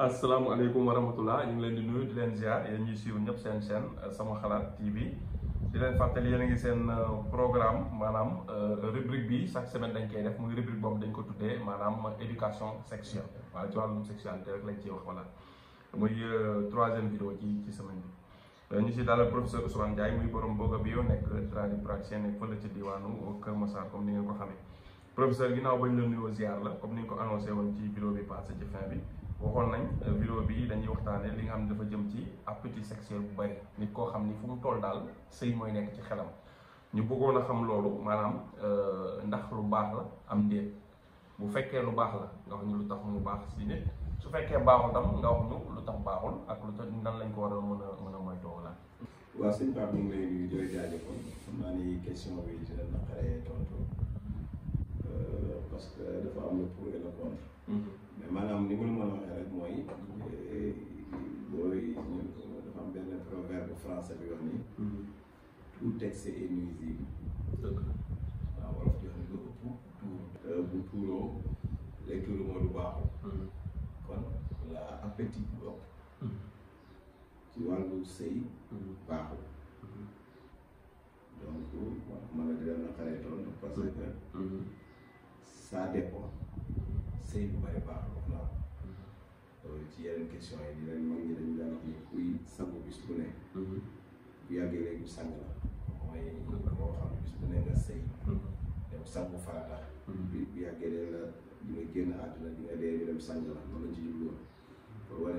Assalamualaikum warahmatullahi rahmatullah ñu ngi leen di nuyu di leen ziar yéen ya, ñuy suivre seen chaîne eh, sama xalaat TV di leen fàttali yéen a ngi seen eh, programme maanaam eh, rubrique bi chaque semaine dañ koy def muy rubrique boobu dañ ko tuddee maanaam éducation sexuelle waaye ci wàllum sexualité rek lañ ciy wax voilà muy troisième vidéo ci ci semaine bi. ñu si dalal professeur Ousmane Ndiaye muy borom Boga Bio nekk tradipraticien nekk fële ci diwaanu Kër Massar comme ni ngeen ko xamee professeur ginnaaw bañ la nuyoo ziar la comme ni ko annoncé ci vidéo bi passé ci fin bi waxoon nañ euh, vidéo bi dañuy waxtaane li nga xam ne dafa jëm ci appétit sexuel bu bari nit koo xam ni fu mu toll daal sëy mooy nekk ci xelam ñu bëggoon a xam euh, ndax lu baax la am ndéet bu fekkee lu baax la nga wax ñu lu tax mu baax si ne su fekkee baaxul tam nga wax ñu lu tax baaxul ak lu tax nan lañ ko war a mën a mën a moytoo la waaw lay euh, parce que dafa am le pour et le contre mhm. Madame ni waxee eh, proverbe français mm-hmm. tout texte est nuisible élection yi di leen mag ñi dañu daan wax ni kuy bu ne mhm. bu yàggee léegi sang la mooy mhm. koo xam ne bis bu ne mhm. farata bi bu yàggee léegi génn àdduna di nga dee ñu dem sang la loolu lañ ci jublu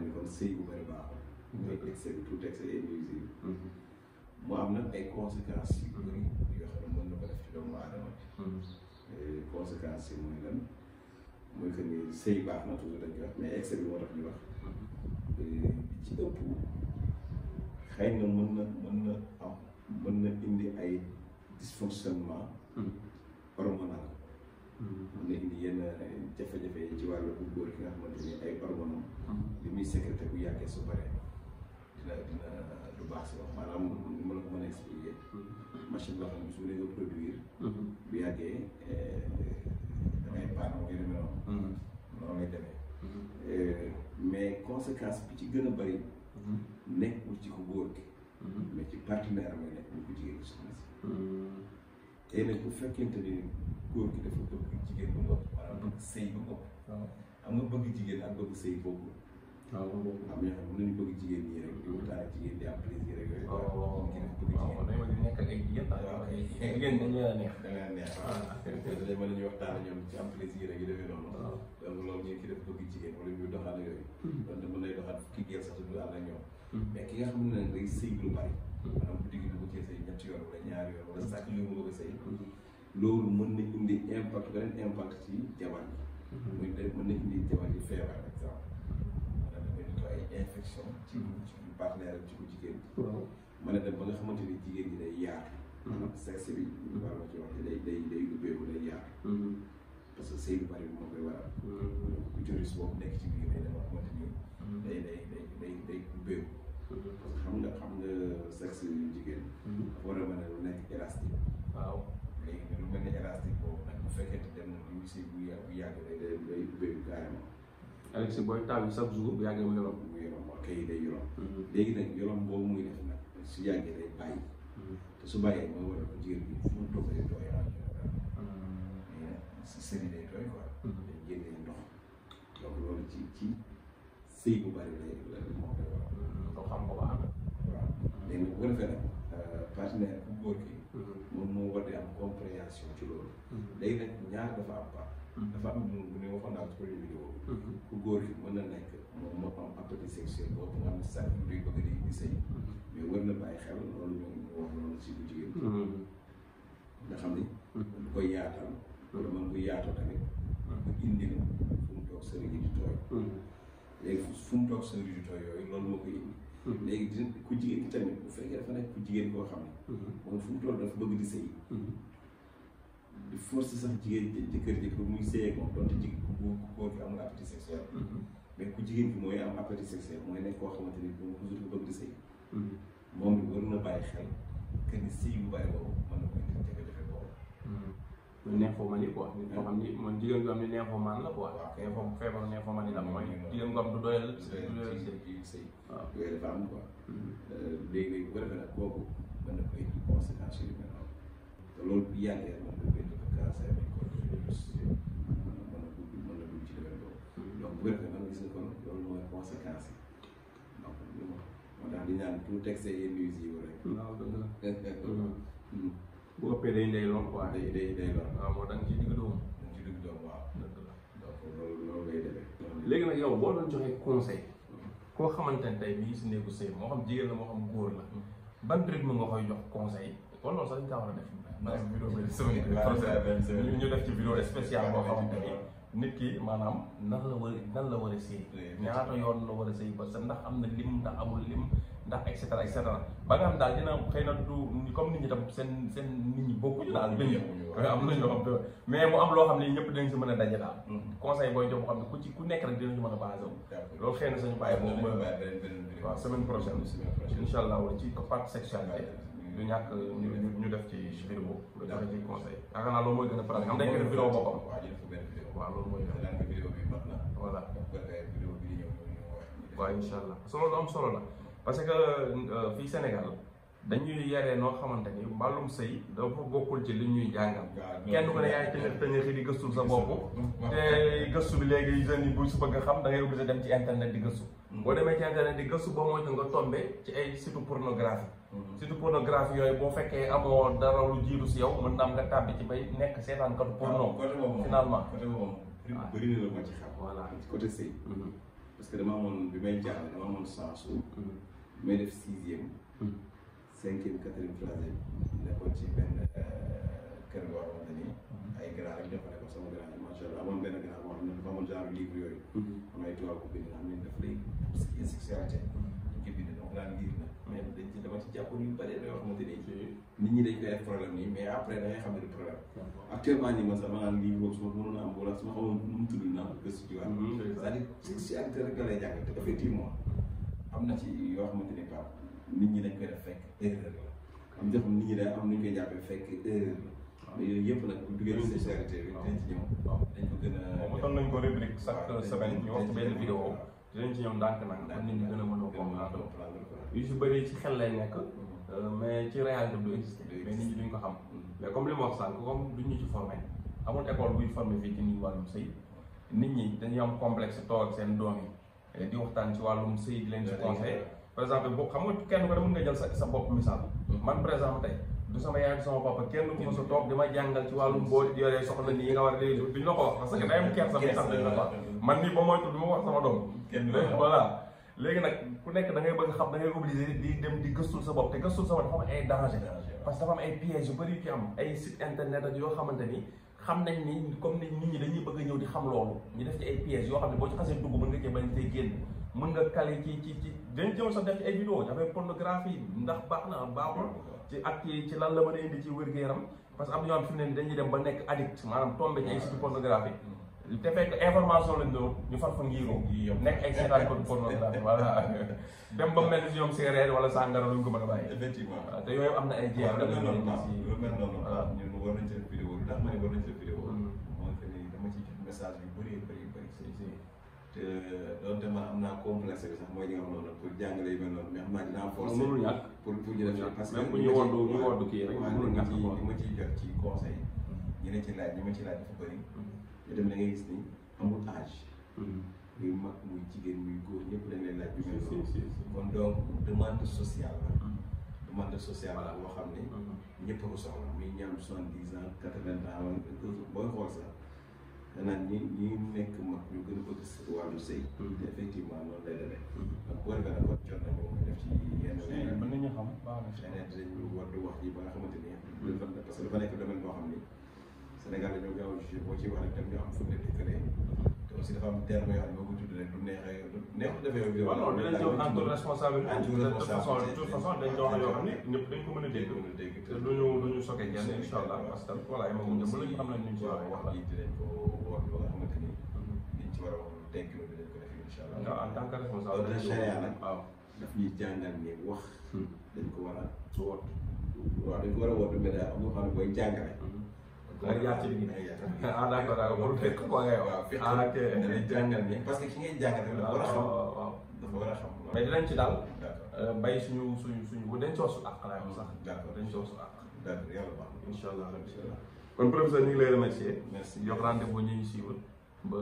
ni kon sëy bu bëri baaxul mooy excès bi tout excès am nag ay conséquences yu bëri yoo xam ne na ko def ci doomu aadama bi conséquences yi mooy lan mooy que ni sëy baax na toujours dañ koy wax mais excès bi moo tax ñu wax ci ëpp xëy na mën na mën na mën na indi ay dysfonctionnement hormonal mën na indi yenn jafe-jafe yi ci wàllu bu góor ki nga xamante ni ay hormonam li muy sécrété bu yàggee su bare dina dina du baax si wax maanaam mën ko mën a machine boo xam mu ne produire bu yàggee param ngir mel noonu noonu lay demee mais conséquence bi ci gën a bëri nekkul ci ko góor gi mais ci partenaire mooy nekkul ko jigéen gi soxna si tey nag bu fekkente ni góor gi de bëgg jigéen bu bopp maanaam bëgg sëy bu bopp xam nga bëgg jigéen waaw man boobu am na ñoo xam ne mën nañu bëgg jigéen ñi rek di waxtaan ak jigéen di am plaisir rek. waaw waaw waaw kon dañoo di nekk ak ay jigéen. waaw jigéen dañu la neex. da ngay neex waaw dañu mën a waxtaan ak ñoom ci am plaisir rek yu demee noonu. waaw donc loolu ñu ngi def bëgg du ànd ak ñoom. mais ki nga xam ne nag day sëy lu bari. maanaam bu digg bu cee sëy ñetti yoon wala ñaari yoon wala sàkk li loolu mën na indi impact beneen impact ci jabar bi. muy mën infection ci ci partenaire ci ko jigéen mën a dem ba nga xamante ni jigéen ñi day yaar sexe bi ñu war ma ci wax day day day ubbeeku day yaar mm-hmm. parce que sëy bu bari bi moo koy waral ku mm-hmm. joris boobu nekk ci biir day dama xamante ni mm-hmm. day day day day day ubbeeku parce que xam nga xam nga sexe yu jigéen war a mën a nekk élastique waaw léegi lu mel ne élastique boobu nag bu fekkee dem na bu sëy bu yàgg bu yàgg day day ubbeeku carrément Alex booy taw yi chaque jour bu yàggee mu yolom mu yolom waaw kay day yolom mm-hmm. léegi nag yolom boobu muy def nag su yàggee day bàyyi mm-hmm. te su bàyyee moo waral jigéen bi fu mu toog day tooy waaye mm-hmm. sëri day tooy quoi dañ loolu ci ci bu bari lay la moo koy waral ko xam ko ba am waaw léegi bu ko defee nag euh, partenaire bu góor ki am compréhension ci loolu léegi nag ñaar dafa dafa am lu mu ne waxoon naa ko vidéo mhm. ku góor gi mën na nekk moom moo am appétit sexuel boobu nga xam ne sax luy bëgg di di sëy mhm. mais war na bàyyi xel loolu ñoom si bu jigéen mhm. nga xam ni bu koy yaatal wala moom bu yaatoo tamit bu indi na fu mu toog sëriñ yi di tooy ku jigéen ki tamit bu ku jigéen koo xam ne moom fu mu toll dafa di sëy di force sax jigéen jëkkër ji pour muy seeyee moom donte jigéen ku góor ku góor ki amul appétit sexuel mm-hmm. mais ku jigéen bi mooy am appétit sexuel mooy nekk koo xamante ni bu toujours bu bëgg di sëy mm-hmm. moom bi war na bàyyi xel que ni sëy bu bàyyi boobu mën na ko indi jafe-jafe boobu ñu mm-hmm. neexoo ma ni quoi nit koo xam ni man jigéen gu am ni neexoo man la quoi neexoo feebar neexoo man ni la mooy jigéen gu am du doyal sëy waaw yooyu dafa am quoi euh, léegi léegi bu ko defee nag kooku mën na ko indi conséquence yu mel noonu te loolu bu yàggee mën na ko indi état Sénégal kon université mën na gudd mën na dugg ci domaine boobu donc bu ko defee man gis nga kon loolu mooy conséquence yi donc moo tax di ñaan pour texte yenn use yi rek. waaw dëgg la. bu ëppee day day lool quoi day day day lool. waaw moo tax ci digg doomu. ci digg doomu waaw. dëgg la donc loolu loolu ngay demee. léegi nag yow boo doon joxee conseil. koo xamante ne tey bii si néegu sëy moo xam jigéen la moo xam góor la. ban rythme nga koy jox conseil. kon loolu sax dañ kaa war a def. naa si vidéo bi sëñ bi ñu def ci vidéo spéciale boo xamante ni nit ki maanaam nan la war nan la war a sëy ñaata yoon la war a sëy parce que ndax am na lim ndax amul lim ndax et cetera et cetera ba nga xam daal dina xëy na du comme nit ñi tam seen seen nit ñi bokkuñu daal benn am nañ loo xam te mais mu am loo xam ne ñëpp dañ si mën a daje daal mm-hmm. conseil booy jox boo xam ne ku ci ku nekk rek dinañu mën a basé wu loolu xëy na sañu bàyyi moom waaw semaine prochaine incha allah ci partie du ñàkk ñu def ci vidéo nga joxe ci conseil yaakaar naa loolu mooy gën a faral xam dañ ko def vidéo boppam waaw loolu voilà waaw incha allah solo lu am solo la parce que euh, fii Sénégal dañuy yaree noo xamante ni mbàllum sëy dafa bokkul ci li ñuy jàngal kenn ku ne yaay tëñëx tëñëxi di gëstul sa bopp te gëstu bi léegi jeunes yi bu su bëgg xam da ngay obligé dem ci internet di gëstu boo demee ci internet di gëstu ba moytu nga tombe ci ay surtout pornographie mhm. surtout pornographie yooyu boo fekkee amoo dara lu jiitu si yow mën na am nga tàbbi ci bay nekk seetaankatu porno ah, finalement côté boobu moom ah. bëri na la ma ci xam voilà côté sëy mhm. parce que dama amoon bi may jaaxal dama amoon chance mhm. bi may def sixième cinquième quatrième troisième nekkoon ci benn euh, kër goo xamante ni mhm. ay grand rek dafa grand yi amoon benn grand boo xam ne dafa amoon genre livre yooyu mhm. am ay tubaab ko bind xam ne daf lay sexualité mhm. dañ ko bind donc na mais dañ ci dama ci jàppoon yu bëri yoo xamante ni nit ñi dañ koy def problème nii mais après da ngay xam ne du problème actuellement nii man sax ma naan livre boobu su ma mënoon a am wala su ma xamoon nu mu tudd naa gëstu ci waat am na ci yoo xamante ni paa nit ñi la am jox nit ñi day am nu ñu koy jàppee fekk erreur la mais yooyu yëpp nag bi dinañ ci nañ ko rubrique chaque semaine ñu wax ko benn vidéo dinañ ci ñëw ndànk nag dañ ñu gën ci xel lay nekk mm-hmm. euh, mais ci réalité du existé mais nit ñi duñ ko xam mm-hmm. mais comme li ma wax sànq comme duñ ñu ci formé amul école buy formé fii ci nit wàllum sëy nit ñi dañuy am complexe toog seen doom yi eh, di waxtaan ci wàllum sëy di leen ci conseil par exemple boo xam nga kenn ko da mën nga jël sa sa bopp misaal mm-hmm. man par exemple tey du sama yaay du sama papa kenn ku ma sa toog dama jàngal ci wàllum boo yoree soxna nii nga war a réew duñ la ko wax parce que day am kersa bi sax man nii ba mooy tudd ma wax sama doom voilà léegi nag ku nekk dangay ngay bëgg xam da ngay obligé di dem di gëstul sa bopp te gëstul sa bopp dafa am ay danger parce que dafa am ay pièges yu bëri yu ci am ay site internet ak yoo xamante ni xam nañ ni comme ni nit ñi dañuy bëgg ñëw di xam ñu def ci ay pièges yoo xam ne boo ci xasee dugg mën nga génn mën nga kale ci ci ci dañ jëm sax def ci ay vidéo dafay pornographie ndax baax na baaxul ci ak ci lan la mën a indi ci wér-gu-yaram parce que am na ñoo fi ne dañuy dem ba nekk addict maanaam tombé ci ay site pornographie te fekk information lañ doon ñu far fa ngiiroo nekk ay seetaan ko pornographie voilà dem ba mel ni ñoom séeréer wala sàngara luñ ko mën a bàyyi te yooyu am na ay jeex loolu mel noonu ñun war nañ seen mm. message te donte man am naa complexe bi sax mooy li nga xam noonu pour jàngale yu mel noonu mais am naa dinaa forcé pour pour ñu def parce que même bu ñu woddu ñu woddu kii rek mënul ñàkk ko li ma ciy jot ci conseil ñu ne ci laaj li ma ci laaj dafa bëri mm-hmm. te dem da ngay gis ni amul âge mm-hmm. muy mag muy jigéen muy góor ñëpp dañ leen laaj bi mel noonu kon donc demande sociale la mm-hmm. ne ñëpp ko soxla muy ñam soixante-dix danaan ñi ñi nekk mag ñu gën a bëgg wàllu sëy hmm. te effectivement noonu lay demee hmm. donc boo defee nag war jot na moom def ci yenn mën nañu xam xeneen dañu war di wax yi ba nga xamante ni dafa hmm. parce que dafa nekk domaine boo xam ni Sénégal dañoo gaaw a jugé boo ci wax rek tam ñu am fu ne dëkkale aussi dafa am terme yoo xam ne boo ko tudd rek du neexee du neexut defee ak yow. waaw non dinañ jëm en toute responsabilité. en toute responsabilité de toute façon dañ ko wax yoo xam ne ñëpp dañ ko mën a dégg. te du ñu du ñu sokkee ñenn incha allah parce que voilà ay moom ñëpp lañ am nañ ñu ci war a wax la. dinañ ko wax ba nga xamante ni liñ ci war a wax lu dégg la dinañ ko defee incha allah. waaw en tant que responsable. dañ ko charia nag waaw daf ñuy jàngal ni wax. dañ ko war a woot. waaw dañ ko war a woot mais daa am loo xam ne booy jàngale ak yàcc bi ah d'accord d'accord pour fekk ko ngay wax ah ok ah, jàngal ni parce que ki ngay jàngal dafa war a xam waaw dafa war a xam mais dinañ ci daal bay suñu suñu suñu bu dañ ci wax su àq laa sax d'accord dañ ci wax su àq d'accord yàlla baax insha allah insha allah kon professeur ñu ngi lay remercier merci jox rendez-vous bu ñu suivre ba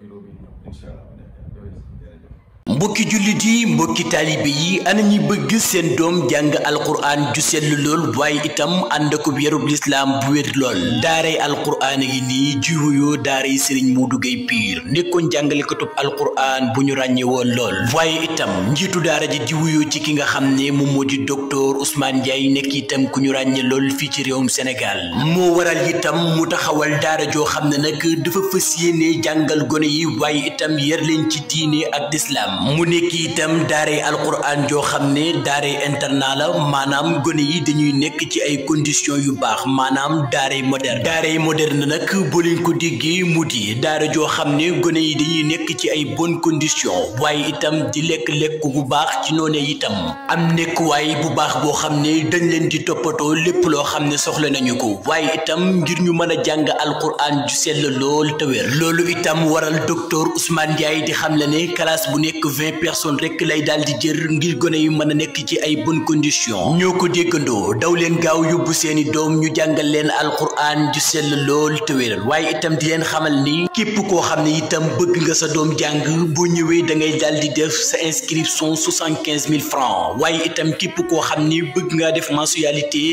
vidéo bi ñëw insha allah jërëjëf mbokki jullit yi mbokki taalibe yi ana yi bëgg seen doom jàng alquraan ju sell lool waaye itam ànd ko yarub lislaam bu wér lool daaray alquraan yi nii ji wuyoo daaray sëriñ Modou Gueye Pire nekkoon jàngalekatub alquraan bu ñu ràññee lool waaye itam njiitu daara ji ji wuyoo ci ki nga xam ne moom moo di docteur usmaan Ndiaye nekk itam ku ñu ràññee lool fii ci réewum Sénégal moo waral itam mu taxawal daara joo xam ne nag dafa fas yéene jàngal gone yi waaye itam yar leen ci diine ak lislaam mu nekk itam daare alquran joo xam ne daare internat la maanaam gone yi dañuy nekk ci ay condition yu baax maanaam daare moderne daare moderne nag boo leen ko déggee mu di daara joo xam ne gone yi dañuy nekk ci ay bonn condition waaye itam di lekk-lekk bu baax ci noone itam am nekk waaye bu baax boo xam ne dañ leen di toppatoo lépp loo xam ne soxla nañu ko waaye itam ngir ñu mën a jàng alquran ju sell lool te wér loolu itam waral docteur Ousmane Ndiaye di xam la ne vingt personnes rek lay daal di jër ngir gone yu mën a nekk ci ay bonne condition ñoo ko déggandoo daw leen gaaw yóbbu seeni doom ñu jàngal leen alquran ju sell lool te waaye itam di xamal ni képp koo xam ne itam bëgg nga sa doom jàng boo ñëwee da ngay daal di def sa inscription soixante quinze mille francs waaye itam képp koo xam ni bëgg ngaa def mensualité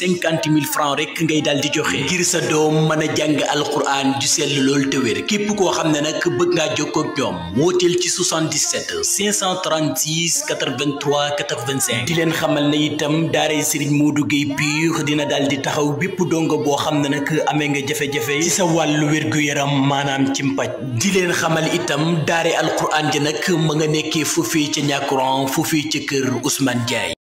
cinquante mille francs rek ngay daal di joxe ngir sa doom mën a jàng alquran ju sell lool te képp koo xam ne nag bëgg ngaa jokkoo ak ñoom wooteel ci 77 77 536 83 85 di leen xamal na itam daaray Serigne Modou duggee Pire dina daal di taxaw bépp dongo boo xam ne nag amee nga jafe-jafe ci sa wàllu wér-gu-yaram maanaam ci mpaj di leen xamal itam daare alquran ji nag ma nga nekkee foofee ca ñàkkuran foofee ca kër Ousmane Ndiaye